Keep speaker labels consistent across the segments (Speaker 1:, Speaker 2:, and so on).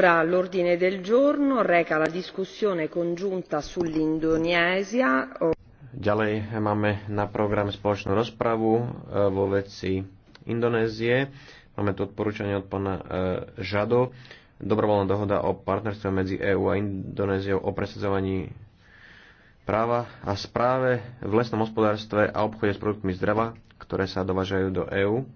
Speaker 1: l'ordine del giorno reca la discussione congiunta sull'Indonesia.
Speaker 2: Ďalej máme na program spoločnú rozpravu eh, vo veci Indonézie. Máme tu odporúčanie od pána eh, Žado. Dobrovoľná dohoda o partnerstve medzi EÚ a Indonéziou o presadzovaní práva a správe v lesnom hospodárstve a obchode s produktmi zdrava, ktoré sa dovažajú do EÚ.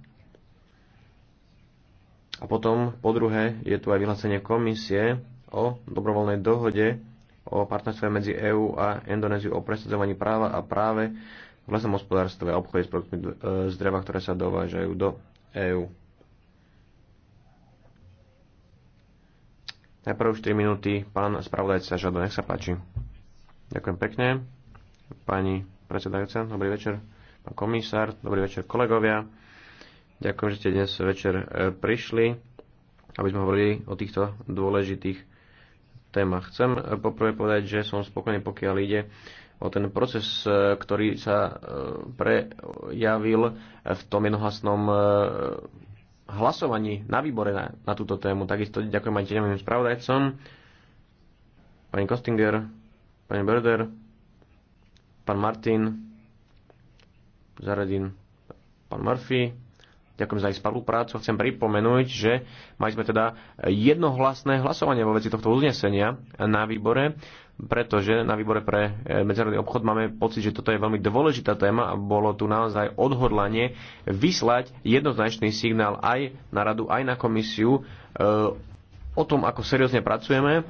Speaker 2: A potom, po druhé, je tu aj vyhlásenie komisie o dobrovoľnej dohode o partnerstve medzi EÚ a Indonéziu o presadzovaní práva a práve v lesnom hospodárstve a obchode s produktmi e, z dreva, ktoré sa dovážajú do EÚ. Najprv 4 minúty, pán spravodajca Žado, nech sa páči. Ďakujem pekne. Pani predsedajúca, dobrý večer. Pán komisár, dobrý večer kolegovia. Ďakujem, že ste dnes večer e, prišli, aby sme hovorili o týchto dôležitých témach. Chcem e, poprvé povedať, že som spokojný, pokiaľ ide o ten proces, e, ktorý sa prejavil v tom jednohlasnom hlasovaní na výbore na, na túto tému. Takisto ďakujem aj tenovým spravodajcom, pani Kostinger, pani Berder, pán Martin, Zaredin, pán Murphy, Ďakujem za ich spoluprácu. Chcem pripomenúť, že mali sme teda jednohlasné hlasovanie vo veci tohto uznesenia na výbore, pretože na výbore pre e, medzinárodný obchod máme pocit, že toto je veľmi dôležitá téma a bolo tu naozaj odhodlanie vyslať jednoznačný signál aj na radu, aj na komisiu e, o tom, ako seriózne pracujeme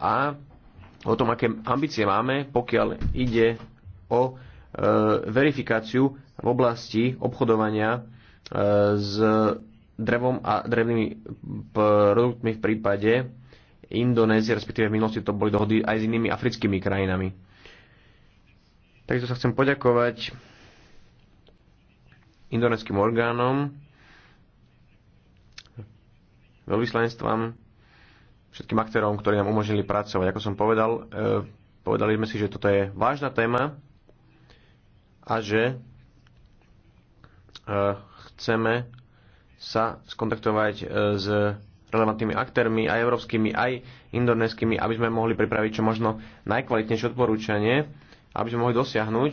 Speaker 2: a o tom, aké ambície máme, pokiaľ ide o e, verifikáciu v oblasti obchodovania s drevom a drevnými produktmi v prípade Indonézie, respektíve v minulosti to boli dohody aj s inými africkými krajinami. Takisto sa chcem poďakovať indonéským orgánom, veľvyslanectvám, všetkým aktérom, ktorí nám umožnili pracovať. Ako som povedal, e, povedali sme si, že toto je vážna téma a že e, chceme sa skontaktovať e, s relevantnými aktérmi, aj európskymi, aj indonéskymi, aby sme mohli pripraviť čo možno najkvalitnejšie odporúčanie, aby sme mohli dosiahnuť,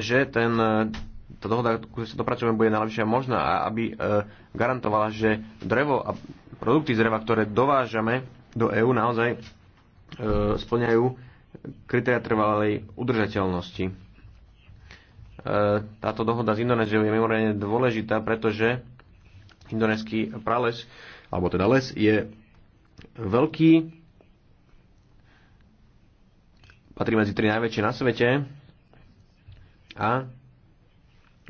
Speaker 2: že ten, e, tá dohoda, ktorú sa dopracujeme, bude najlepšia možná a aby e, garantovala, že drevo a produkty z dreva, ktoré dovážame do EÚ, naozaj splňajú kritéria trvalej udržateľnosti. E, táto dohoda s Indonéziou je mimoriadne dôležitá, pretože indonéský prales, alebo teda les, je veľký, patrí medzi tri najväčšie na svete a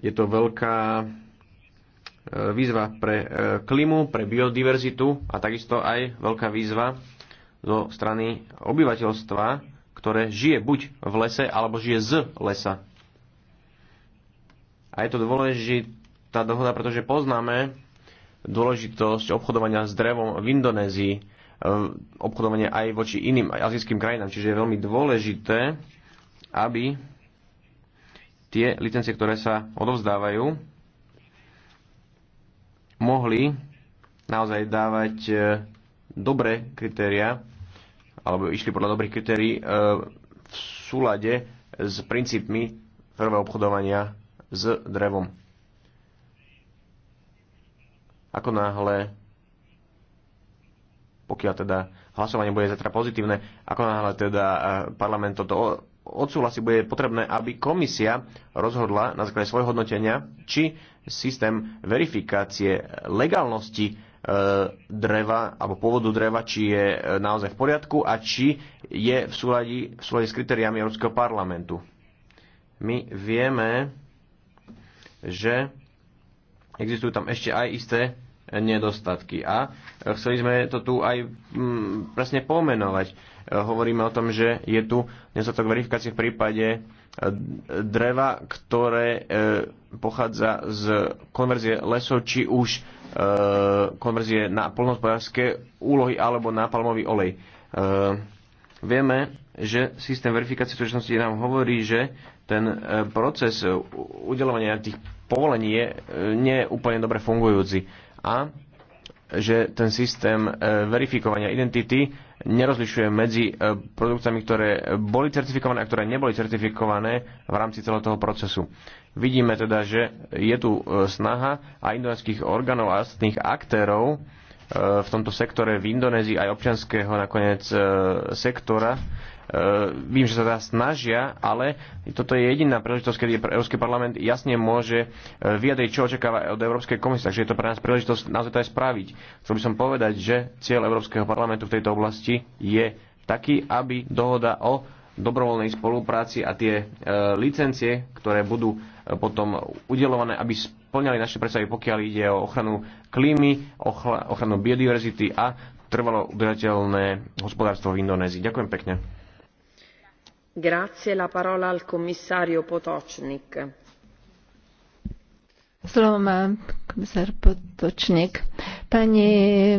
Speaker 2: je to veľká e, výzva pre e, klimu, pre biodiverzitu a takisto aj veľká výzva zo strany obyvateľstva, ktoré žije buď v lese, alebo žije z lesa. A je to dôležitá dohoda, pretože poznáme dôležitosť obchodovania s drevom v Indonézii, e, obchodovanie aj voči iným azijským krajinám. Čiže je veľmi dôležité, aby tie licencie, ktoré sa odovzdávajú, mohli naozaj dávať e, dobré kritéria, alebo išli podľa dobrých kritérií e, v súlade s princípmi prvého obchodovania s drevom. Ako náhle, pokiaľ teda hlasovanie bude zatra pozitívne, ako náhle teda eh, parlament toto odsúhlasí, bude potrebné, aby komisia rozhodla na základe svojho hodnotenia, či systém verifikácie legálnosti eh, dreva alebo pôvodu dreva, či je eh, naozaj v poriadku a či je v súlade, v súlade s kritériami Európskeho parlamentu. My vieme, že existujú tam ešte aj isté nedostatky. A chceli sme to tu aj mm, presne pomenovať. Hovoríme o tom, že je tu nedostatok verifikácie v prípade e, dreva, ktoré e, pochádza z konverzie lesov, či už e, konverzie na polnohospodárske úlohy alebo na palmový olej. Vieme, že systém verifikácie súčasnosti nám hovorí, že ten e, proces e, udelovania tých povolení je e, nie úplne dobre fungujúci a že ten systém verifikovania identity nerozlišuje medzi produktami, ktoré boli certifikované a ktoré neboli certifikované v rámci celého toho procesu. Vidíme teda, že je tu snaha aj indonéských orgánov a ostatných aktérov v tomto sektore v Indonézii aj občianského nakoniec sektora Ehm, vím, že sa teda snažia, ale toto je jediná príležitosť, kedy Európsky parlament jasne môže e, vyjadriť, čo očakáva od Európskej komisie. Takže je to pre nás príležitosť naozaj to aj spraviť. Chcel by som povedať, že cieľ Európskeho parlamentu v tejto oblasti je taký, aby dohoda o dobrovoľnej spolupráci a tie e, licencie, ktoré budú e, potom udelované, aby splňali naše predstavy, pokiaľ ide o ochranu klímy, ochla, ochranu biodiverzity a trvalo udržateľné hospodárstvo v Indonézii. Ďakujem pekne
Speaker 3: slovo má komisár pani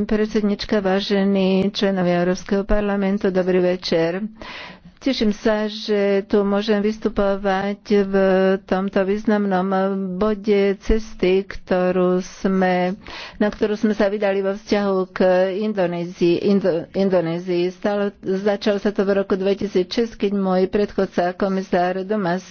Speaker 3: predsedníčka vážení členovia európskeho parlamentu dobrý večer Teším sa, že tu môžem vystupovať v tomto významnom bode cesty, ktorú sme, na ktorú sme sa vydali vo vzťahu k Indonézii. Indo, Indonézii. Stalo, začalo sa to v roku 2006, keď môj predchodca komisár Domas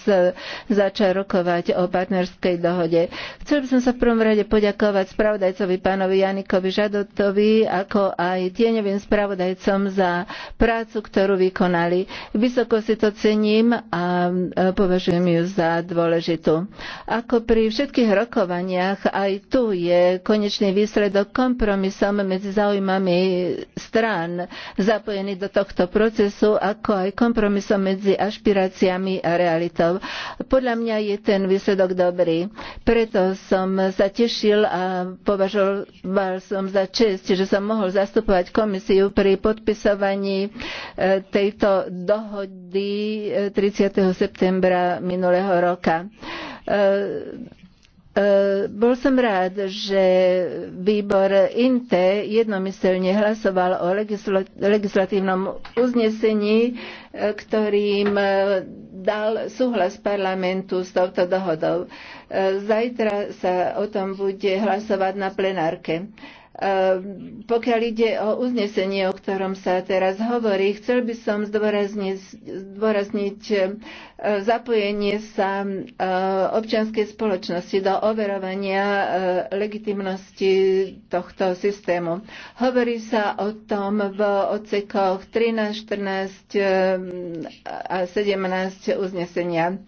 Speaker 3: začal rokovať o partnerskej dohode. Chcel by som sa v prvom rade poďakovať spravodajcovi pánovi Janikovi Žadotovi, ako aj tieňovým spravodajcom za prácu, ktorú vykonali. Vysoko si to cením a považujem ju za dôležitú. Ako pri všetkých rokovaniach, aj tu je konečný výsledok kompromisom medzi zaujímami strán zapojených do tohto procesu, ako aj kompromisom medzi ašpiráciami a realitou. Podľa mňa je ten výsledok dobrý. Preto som sa tešil a považoval som za čest, že som mohol zastupovať komisiu pri podpisovaní e, tejto dohody dohody 30. E, septembra minulého roka. E, e, bol som rád, že výbor INTE jednomyselne hlasoval o legislatívnom uznesení, ktorým dal súhlas parlamentu s touto dohodou. Zajtra sa o tom bude hlasovať na plenárke. Ehm, pokiaľ ide o uznesenie, o ktorom sa teraz hovorí, chcel by som zdôrazniť, zdôrazniť ehm, zapojenie sa ehm, občianskej spoločnosti do overovania legitimnosti tohto systému. Hovorí sa o tom v odsekoch 13, 14 a 17 uznesenia.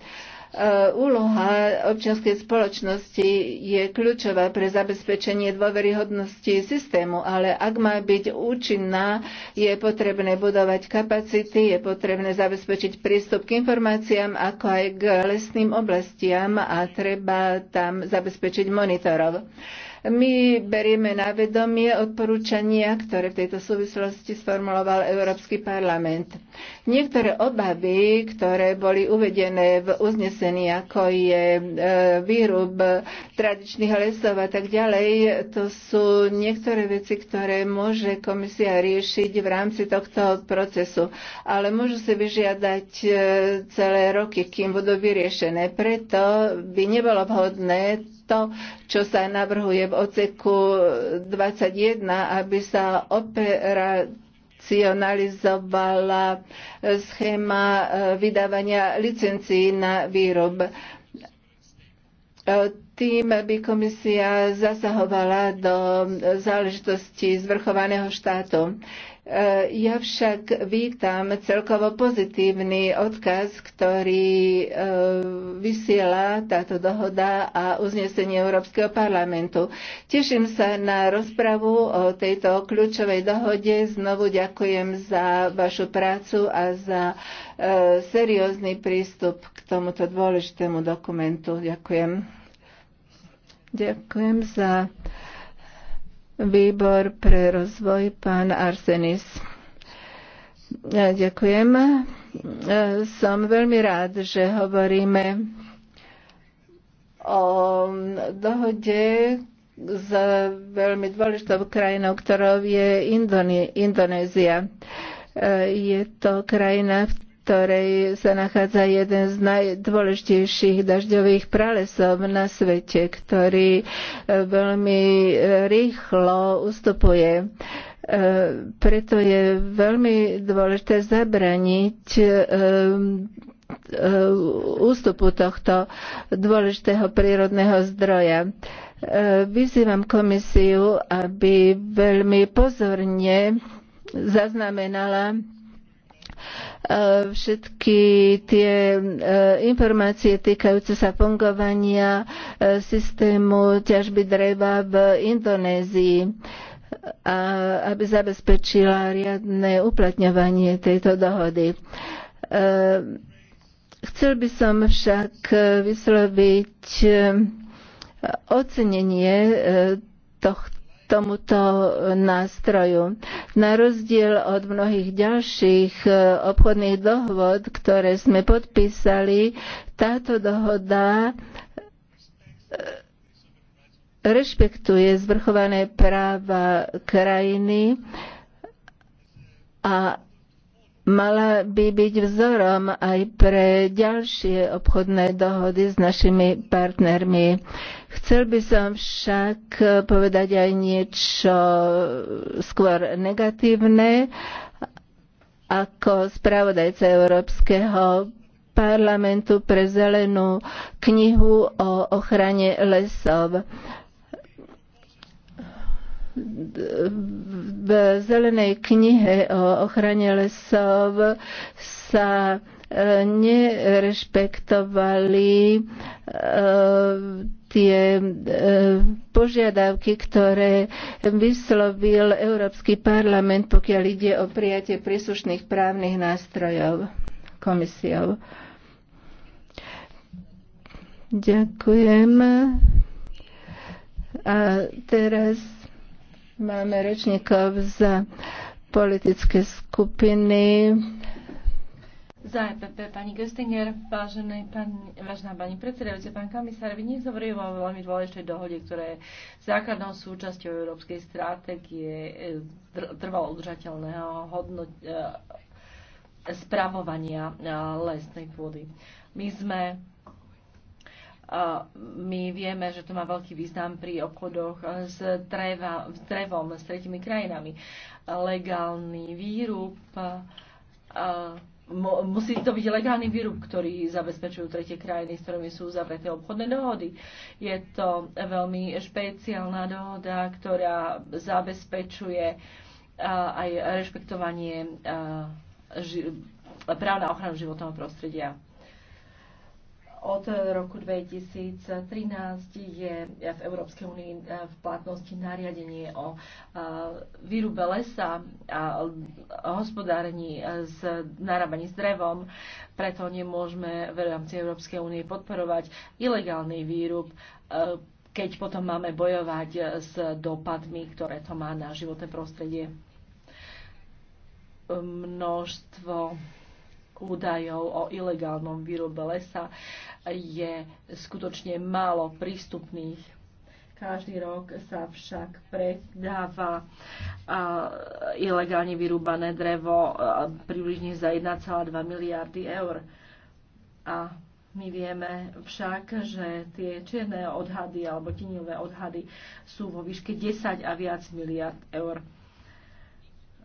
Speaker 3: Eh, úloha občianskej spoločnosti je kľúčová pre zabezpečenie dôveryhodnosti systému, ale ak má byť účinná, je potrebné budovať kapacity, je potrebné zabezpečiť prístup k informáciám, ako aj k lesným oblastiam a treba tam zabezpečiť monitorov. My berieme na vedomie odporúčania, ktoré v tejto súvislosti sformuloval Európsky parlament. Niektoré obavy, ktoré boli uvedené v uznesení, ako je e, výrub tradičných lesov a tak ďalej, to sú niektoré veci, ktoré môže komisia riešiť v rámci tohto procesu, ale môžu sa vyžiadať e, celé roky, kým budú vyriešené. Preto by nebolo vhodné to, čo sa navrhuje v oceku 21, aby sa opera racionalizovala eh, schéma eh, vydávania licencií na výrob. Eh, tým by komisia zasahovala do záležitosti zvrchovaného štátu. Eh, ja však vítam celkovo pozitívny odkaz, ktorý eh, vysiela táto dohoda a uznesenie Európskeho parlamentu. Teším sa na rozpravu o tejto kľúčovej dohode. Znovu ďakujem za vašu prácu a za eh, seriózny prístup k tomuto dôležitému dokumentu. Ďakujem. Ďakujem za výbor pre rozvoj, pán Arsenis. Ja ďakujem. Som veľmi rád, že hovoríme o dohode s veľmi dôležitou krajinou, ktorou je Indone- Indonézia. Je to krajina, v ktorej sa nachádza jeden z najdôležitejších dažďových pralesov na svete, ktorý e, veľmi rýchlo ustupuje e, preto je veľmi dôležité zabraniť e, ústupu tohto dôležitého prírodného zdroja. Vyzývam komisiu, aby veľmi pozorne zaznamenala E, všetky tie e, informácie týkajúce sa fungovania e, systému ťažby dreva v Indonézii a aby zabezpečila riadne uplatňovanie tejto dohody. Chcel by som však vysloviť ocenenie tohto tomuto nástroju. Na rozdiel od mnohých ďalších e, obchodných dohod, ktoré sme podpísali, táto dohoda e, rešpektuje zvrchované práva krajiny a mala by byť vzorom aj pre ďalšie obchodné dohody s našimi partnermi. Chcel by som však povedať aj niečo skôr negatívne. Ako spravodajca Európskeho parlamentu pre zelenú knihu o ochrane lesov v zelenej knihe o ochrane lesov sa e, nerešpektovali e, tie e, požiadavky, ktoré vyslovil Európsky parlament, pokiaľ ide o prijatie príslušných právnych nástrojov komisiou. Ďakujem. A teraz Máme rečníkov za politické skupiny.
Speaker 1: Za EPP pani Göstinger, vážené pani, vážená pani predsedajúca, pán komisár, vy dnes hovorí o veľmi dôležitej dohode, ktorá je základnou súčasťou európskej stratégie e, trvalo udržateľného hodnot, e, spravovania e, lesnej pôdy. My sme my vieme, že to má veľký význam pri obchodoch s, dreva, s drevom, s tretimi krajinami. Legálny výrub, musí to byť legálny výrub, ktorý zabezpečujú tretie krajiny, s ktorými sú zavreté obchodné dohody. Je to veľmi špeciálna dohoda, ktorá zabezpečuje aj rešpektovanie práv na ochranu životného prostredia. Od roku 2013 je v Európskej únii eh, v platnosti nariadenie o eh, výrube lesa a hospodárení eh, s narábaní s drevom, preto nemôžeme v rámci Európskej únie podporovať ilegálny výrub keď potom máme bojovať s dopadmi, ktoré to má na životné prostredie. Množstvo údajov o ilegálnom výrobe lesa je skutočne málo prístupných. Každý rok sa však predáva ilegálne vyrúbané drevo približne za 1,2 miliardy eur. A my vieme však, že tie čierne odhady alebo tiniové odhady sú vo výške 10 a viac miliard eur.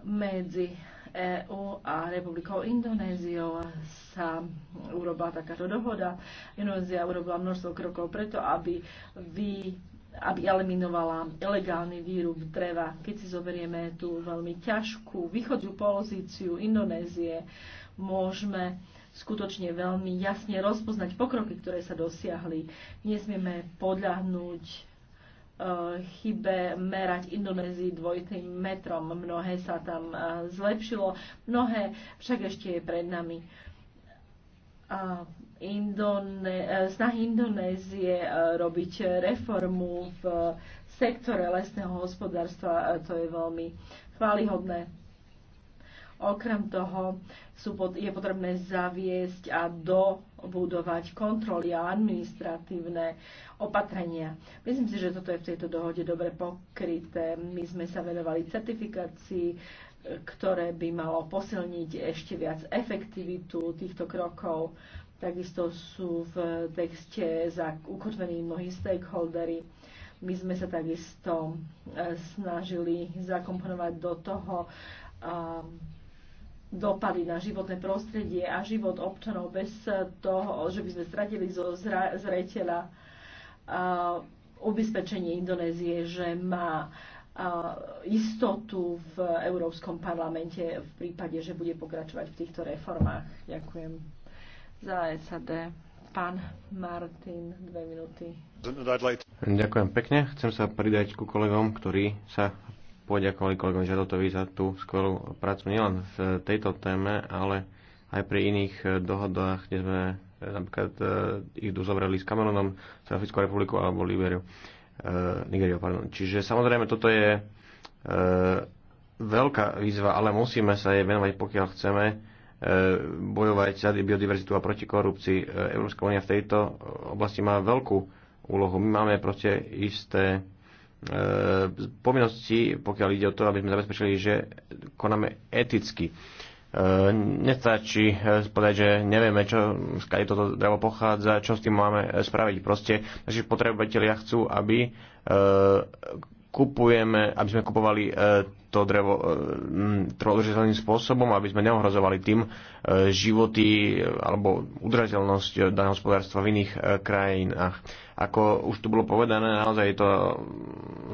Speaker 1: Medzi EÚ a republikou Indonéziou sa urobila takáto dohoda. Indonézia urobila množstvo krokov preto, aby vy aby eliminovala ilegálny výrub dreva. Keď si zoberieme tú veľmi ťažkú východnú pozíciu Indonézie, môžeme skutočne veľmi jasne rozpoznať pokroky, ktoré sa dosiahli. Nesmieme podľahnúť Eh, chybe merať Indonézii dvojitým metrom. Mnohé sa tam eh, zlepšilo, mnohé však ešte je pred nami. A Indone- eh, snahy Indonézie robiť reformu v sektore lesného hospodárstva, to je veľmi chválihodné. Okrem toho sú pod, je potrebné zaviesť a dobudovať kontroly a administratívne opatrenia. Myslím si, že toto je v tejto dohode dobre pokryté. My sme sa venovali certifikácii, ktoré by malo posilniť ešte viac efektivitu týchto krokov. Takisto sú v texte ukotvení mnohí stakeholdery. My sme sa takisto e, snažili zakomponovať do toho, um, dopady na životné prostredie a život občanov bez toho, že by sme stratili zo zreteľa ubezpečenie Indonézie, že má istotu v Európskom parlamente v prípade, že bude pokračovať v týchto reformách. Ďakujem za SAD. Pán Martin, dve minúty.
Speaker 2: Ďakujem pekne. Chcem sa pridať ku kolegom, ktorí sa poďakovali kolegom Žadotovi za tú skvelú prácu nielen v tejto téme, ale aj pri iných eh, dohodách, kde sme eh, napríklad eh, ich uzavreli s Kamerunom, s Africkou republikou alebo Liberiou. Nigeria, pardon. Čiže samozrejme toto je veľká výzva, ale musíme sa jej venovať, pokiaľ chceme bojovať za biodiverzitu a proti korupcii. Európska únia v tejto oblasti má veľkú úlohu. My máme proste isté E, povinnosti, pokiaľ ide o to, aby sme zabezpečili, že konáme eticky. E, nestačí e, povedať, že nevieme, čo, skade toto drevo pochádza, čo s tým máme spraviť. Proste naši spotrebitelia chcú, aby kupujeme, aby sme kupovali to drevo e, trvodržiteľným spôsobom, aby sme neohrozovali tým e, životy alebo udržateľnosť e, daného hospodárstva v iných krajinách. Ako už tu bolo povedané, naozaj je to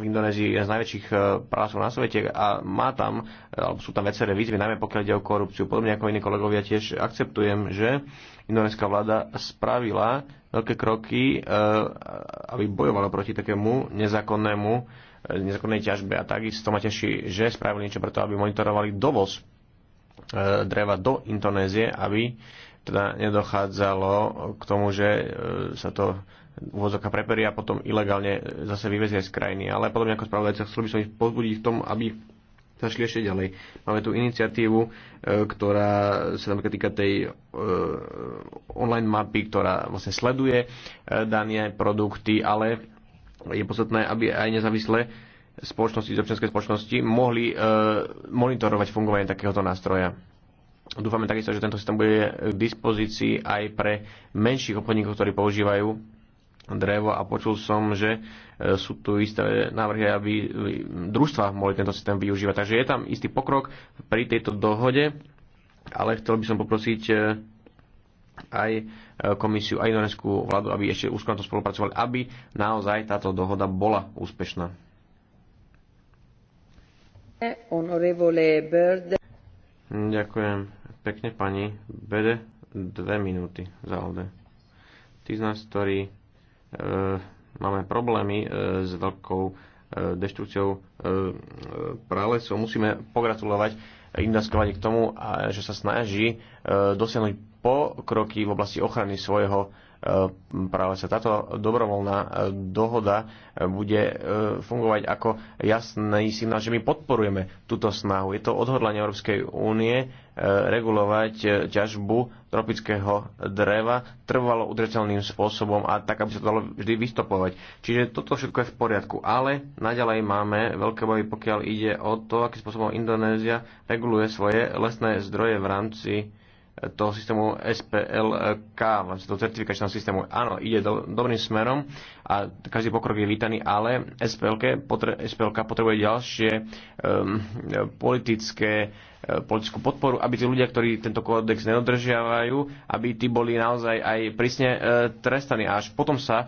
Speaker 2: v Indonézii jeden z najväčších pralesov na svete a má tam, alebo sú tam viaceré výzvy, najmä pokiaľ ide o korupciu. Podobne ako iní kolegovia tiež akceptujem, že indonéska vláda spravila veľké kroky, aby bojovala proti takému nezákonnému E, nezákonnej ťažbe. A takisto ma teší, že spravili niečo preto, aby monitorovali dovoz e, dreva do Indonézie, aby teda nedochádzalo k tomu, že e, sa to úvozoka preperia a potom ilegálne zase vyvezie z krajiny. Ale potom ako spravodajca chcel by som ich pozbudiť v tom, aby šli ešte ďalej. Máme tu iniciatívu, ktorá sa napríklad týka tej online mapy, ktorá vlastne sleduje dané produkty, ale je podstatné, aby aj nezávislé spoločnosti z občianskej spoločnosti mohli e, monitorovať fungovanie takéhoto nástroja. Dúfame takisto, že tento systém bude k dispozícii aj pre menších obchodníkov, ktorí používajú drevo a počul som, že e, sú tu isté návrhy, aby družstva mohli tento systém využívať. Takže je tam istý pokrok pri tejto dohode, ale chcel by som poprosiť e, aj e, komisiu, aj Noreskú vládu, aby ešte úzko na to spolupracovali, aby naozaj táto dohoda bola úspešná. Ďakujem pekne pani Bede. Dve minúty za ode. Tí z nás, ktorí e, máme problémy e, s veľkou e, deštrukciou e, e, pralesov, musíme pogratulovať Indaskovani k tomu, a, že sa snaží e, dosiahnuť pokroky v oblasti ochrany svojho e, práve sa táto dobrovoľná e, dohoda e, bude fungovať ako jasný signál, že my podporujeme túto snahu. Je to odhodlanie Európskej únie regulovať ťažbu tropického dreva trvalo udržateľným spôsobom a tak, aby sa to dalo vždy vystopovať. Čiže toto všetko je v poriadku, ale naďalej máme veľké bojy, pokiaľ ide o to, akým spôsobom Indonézia reguluje svoje lesné zdroje v rámci toho systému SPLK, vlastne toho certifikačného systému. Áno, ide do, dobrým smerom a každý pokrok je vítaný, ale SPLK, potre, SPLK potrebuje ďalšie um, politické e, politickú podporu, aby tí ľudia, ktorí tento kódex nedodržiavajú, aby tí boli naozaj aj prísne e, trestaní. A až potom sa e,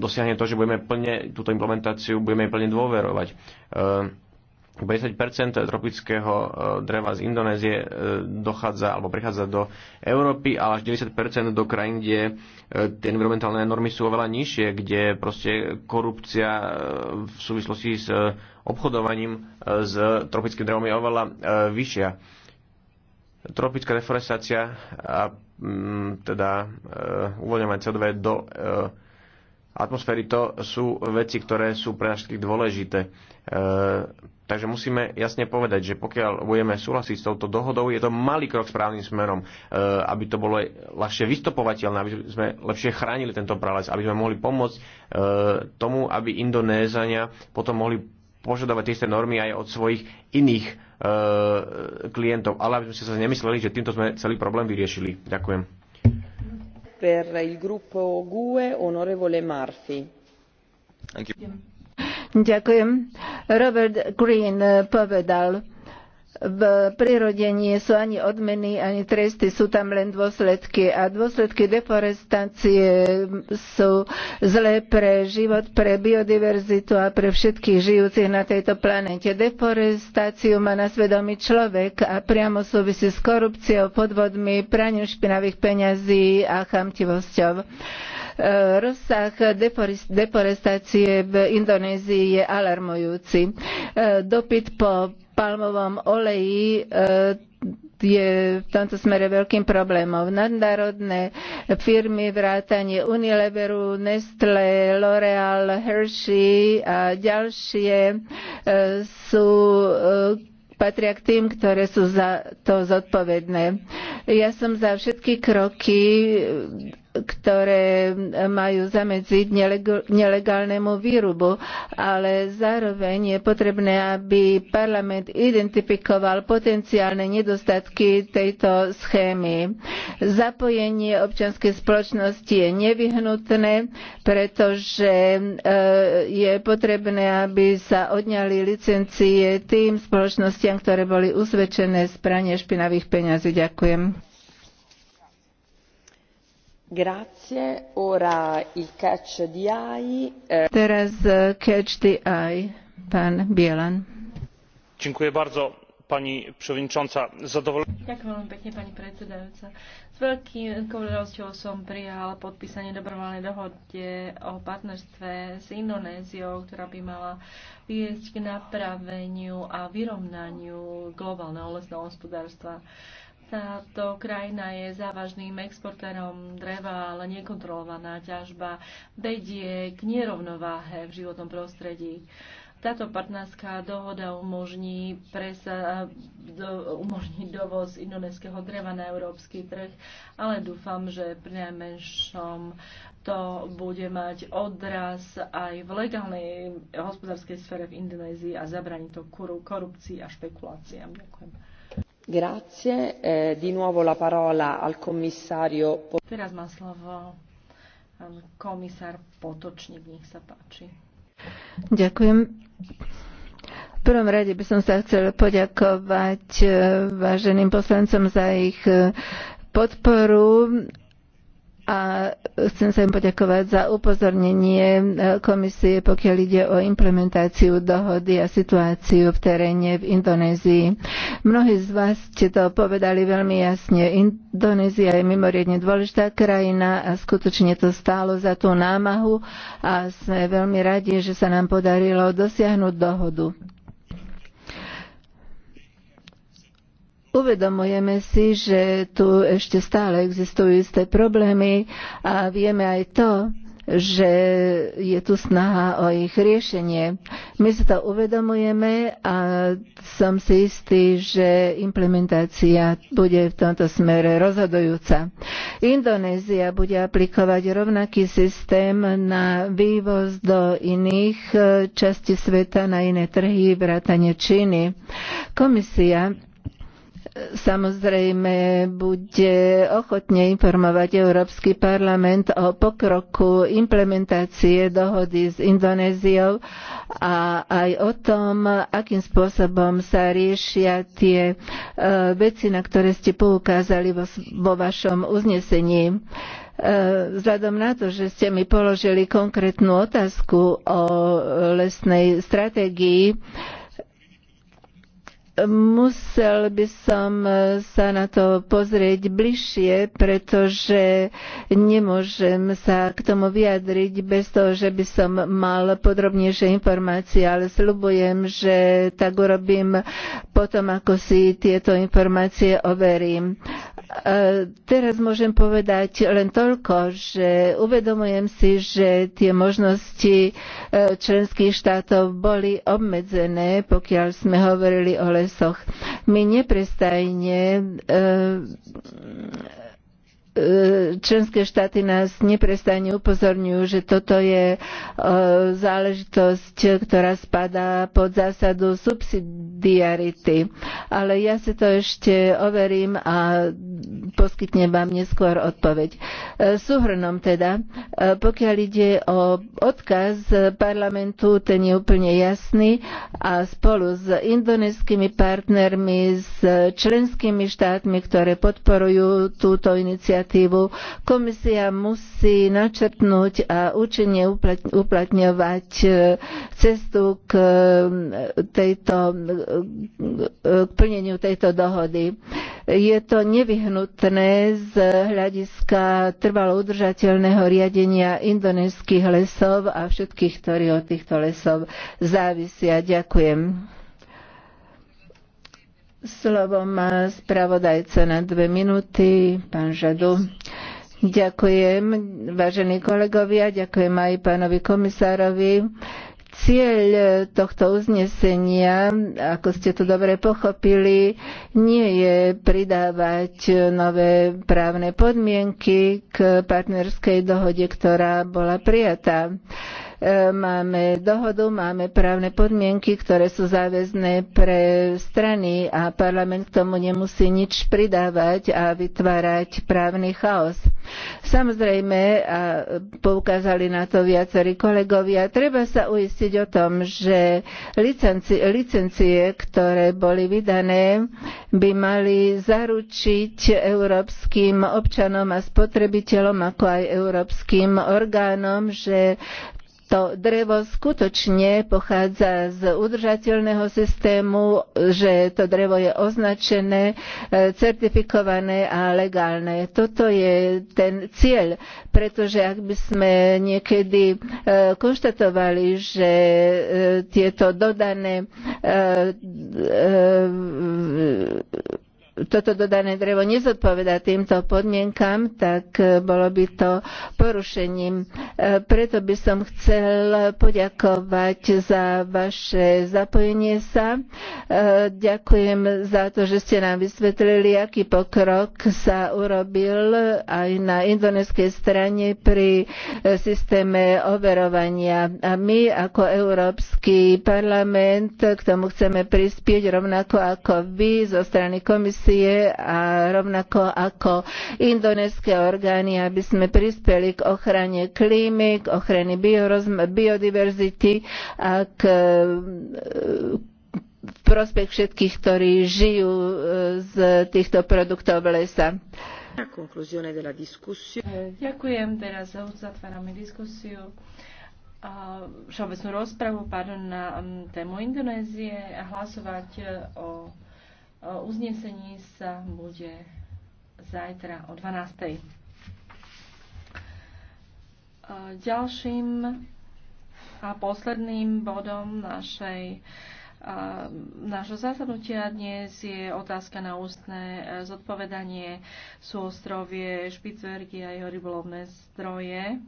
Speaker 2: dosiahne to, že budeme plne túto implementáciu budeme plne dôverovať. E, 10 tropického eh, dreva z Indonézie eh, dochádza alebo prichádza do Európy, ale až 90 do krajín, kde eh, tie environmentálne normy sú oveľa nižšie, kde proste korupcia v súvislosti s obchodovaním s tropickým drevom je oveľa vyššia. Tropická deforestácia a mm, teda uvoľňovanie CO2 do atmosféry, to sú veci, ktoré sú pre nás všetkých dôležité Takže musíme jasne povedať, že pokiaľ budeme súhlasiť s touto dohodou, je to malý krok správnym smerom, e, aby to bolo ľahšie vystopovateľné, aby sme lepšie chránili tento prales, aby sme mohli pomôcť e, tomu, aby Indonézania potom mohli požadovať tie isté normy aj od svojich iných e, klientov. Ale aby sme sa nemysleli, že týmto sme celý problém vyriešili. Ďakujem.
Speaker 1: Per il gruppo GUE,
Speaker 3: onorevole Marfi. Yeah. Ďakujem. Robert Green eh, povedal, v prírode nie sú ani odmeny, ani tresty, sú tam len dôsledky. A dôsledky deforestácie sú zlé pre život, pre biodiverzitu a pre všetkých žijúcich na tejto planete. Deforestáciu má na svedomí človek a priamo súvisí s korupciou, podvodmi, praním špinavých peňazí a chamtivosťou Rozsah deforestácie v Indonézii je alarmujúci. E, dopyt po palmovom oleji e, je v tomto smere veľkým problémom. Nadnárodné firmy vrátanie Unileveru, Nestle, L'Oreal, Hershey a ďalšie e, sú patria k tým, ktoré sú za to zodpovedné. Ja som za všetky kroky ktoré e, majú zamedziť nelegálnemu výrubu, ale zároveň je potrebné, aby parlament identifikoval potenciálne nedostatky tejto schémy. Zapojenie občianskej spoločnosti je nevyhnutné, pretože e, je potrebné, aby sa odňali licencie tým spoločnostiam, ktoré boli usvedčené z prania špinavých peňazí. Ďakujem. Teraz catch the eye, eh, eh, pán Bielan.
Speaker 2: Ďakujem
Speaker 1: veľmi pekne, pani predsedajúca. S veľkou radosťou som prijal podpísanie dobrovoľnej dohode o partnerstve s Indonéziou, ktorá by mala viesť k napraveniu a vyrovnaniu globálneho lesného hospodárstva. Táto krajina je závažným exportérom dreva, ale nekontrolovaná ťažba vedie k nerovnováhe v životnom prostredí. Táto partnerská dohoda umožní, presa, do, umožní dovoz indonéskeho dreva na európsky trh, ale dúfam, že pri najmenšom to bude mať odraz aj v legálnej hospodárskej sfére v Indonézii a zabraní to korupcii a špekuláciám. Ďakujem. Eh, Teraz má slovo um, komisár Potočník, nech sa páči.
Speaker 3: Ďakujem. V prvom rade by som sa chcela poďakovať eh, váženým poslancom za ich eh, podporu a chcem sa im poďakovať za upozornenie e, komisie, pokiaľ ide o implementáciu dohody a situáciu v teréne v Indonézii. Mnohí z vás ste to povedali veľmi jasne. Indonézia je mimoriadne dôležitá krajina a skutočne to stálo za tú námahu a sme veľmi radi, že sa nám podarilo dosiahnuť dohodu. Uvedomujeme si, že tu ešte stále existujú isté problémy a vieme aj to, že je tu snaha o ich riešenie. My si to uvedomujeme a som si istý, že implementácia bude v tomto smere rozhodujúca. Indonézia bude aplikovať rovnaký systém na vývoz do iných eh, častí sveta, na iné trhy, vrátane Číny. Komisia samozrejme bude ochotne informovať Európsky parlament o pokroku implementácie dohody s Indonéziou a aj o tom, akým spôsobom sa riešia tie e, veci, na ktoré ste poukázali vo, vo vašom uznesení e, vzhľadom na to, že ste mi položili konkrétnu otázku o lesnej stratégii, Musel by som e, sa na to pozrieť bližšie, pretože nemôžem sa k tomu vyjadriť bez toho, že by som mal podrobnejšie informácie, ale slubujem, že tak urobím potom, ako si tieto informácie overím. E, teraz môžem povedať len toľko, že uvedomujem si, že tie možnosti e, členských štátov boli obmedzené, pokiaľ sme hovorili o les lesoch. My neprestajne eh, E, členské štáty nás neprestane upozorňujú, že toto je e, záležitosť, ktorá spadá pod zásadu subsidiarity. Ale ja si to ešte overím a poskytnem vám neskôr odpoveď. E, súhrnom teda, pokiaľ ide o odkaz parlamentu, ten je úplne jasný a spolu s indoneskými partnermi, s členskými štátmi, ktoré podporujú túto iniciatívu, legislatívu. Komisia musí načrtnúť a účinne uplatňovať e, cestu k, e, tejto, e, k plneniu tejto dohody. Je to nevyhnutné z hľadiska trvalo udržateľného riadenia indonéskych lesov a všetkých, ktorí od týchto lesov závisia. Ďakujem. Slovo má spravodajca na dve minúty, pán Žadu. Ďakujem, vážení kolegovia, ďakujem aj pánovi komisárovi. Cieľ tohto uznesenia, ako ste to dobre pochopili, nie je pridávať nové právne podmienky k partnerskej dohode, ktorá bola prijatá. E, máme dohodu, máme právne podmienky, ktoré sú záväzné pre strany a parlament k tomu nemusí nič pridávať a vytvárať právny chaos. Samozrejme, a poukázali na to viacerí kolegovia, treba sa uistiť o tom, že licencie, licencie ktoré boli vydané, by mali zaručiť európskym občanom a spotrebiteľom, ako aj európskym orgánom, že to drevo skutočne pochádza z udržateľného systému, že to drevo je označené, e, certifikované a legálne. Toto je ten cieľ, pretože ak by sme niekedy e, konštatovali, že e, tieto dodané toto dodané drevo nezodpovedá týmto podmienkam, tak e, bolo by to porušením. E, preto by som chcel poďakovať za vaše zapojenie sa. E, ďakujem za to, že ste nám vysvetlili, aký pokrok sa urobil aj na indoneskej strane pri systéme overovania. A my ako Európsky parlament k tomu chceme prispieť rovnako ako vy zo strany komisie komisie a rovnako ako indonéske orgány, aby sme prispeli k ochrane klímy, k ochrane biodiverzity a k e, prospech všetkých, ktorí žijú e, z týchto produktov lesa.
Speaker 1: E, ďakujem, teraz uzatvárame diskusiu. Všeobecnú rozpravu pardon, na tému Indonézie a hlasovať o uznesení sa bude zajtra o 12. Ďalším a posledným bodom našej nášho zasadnutia dnes je otázka na ústne e, zodpovedanie sú ostrovie Špicvergy a jeho rybolovné zdroje.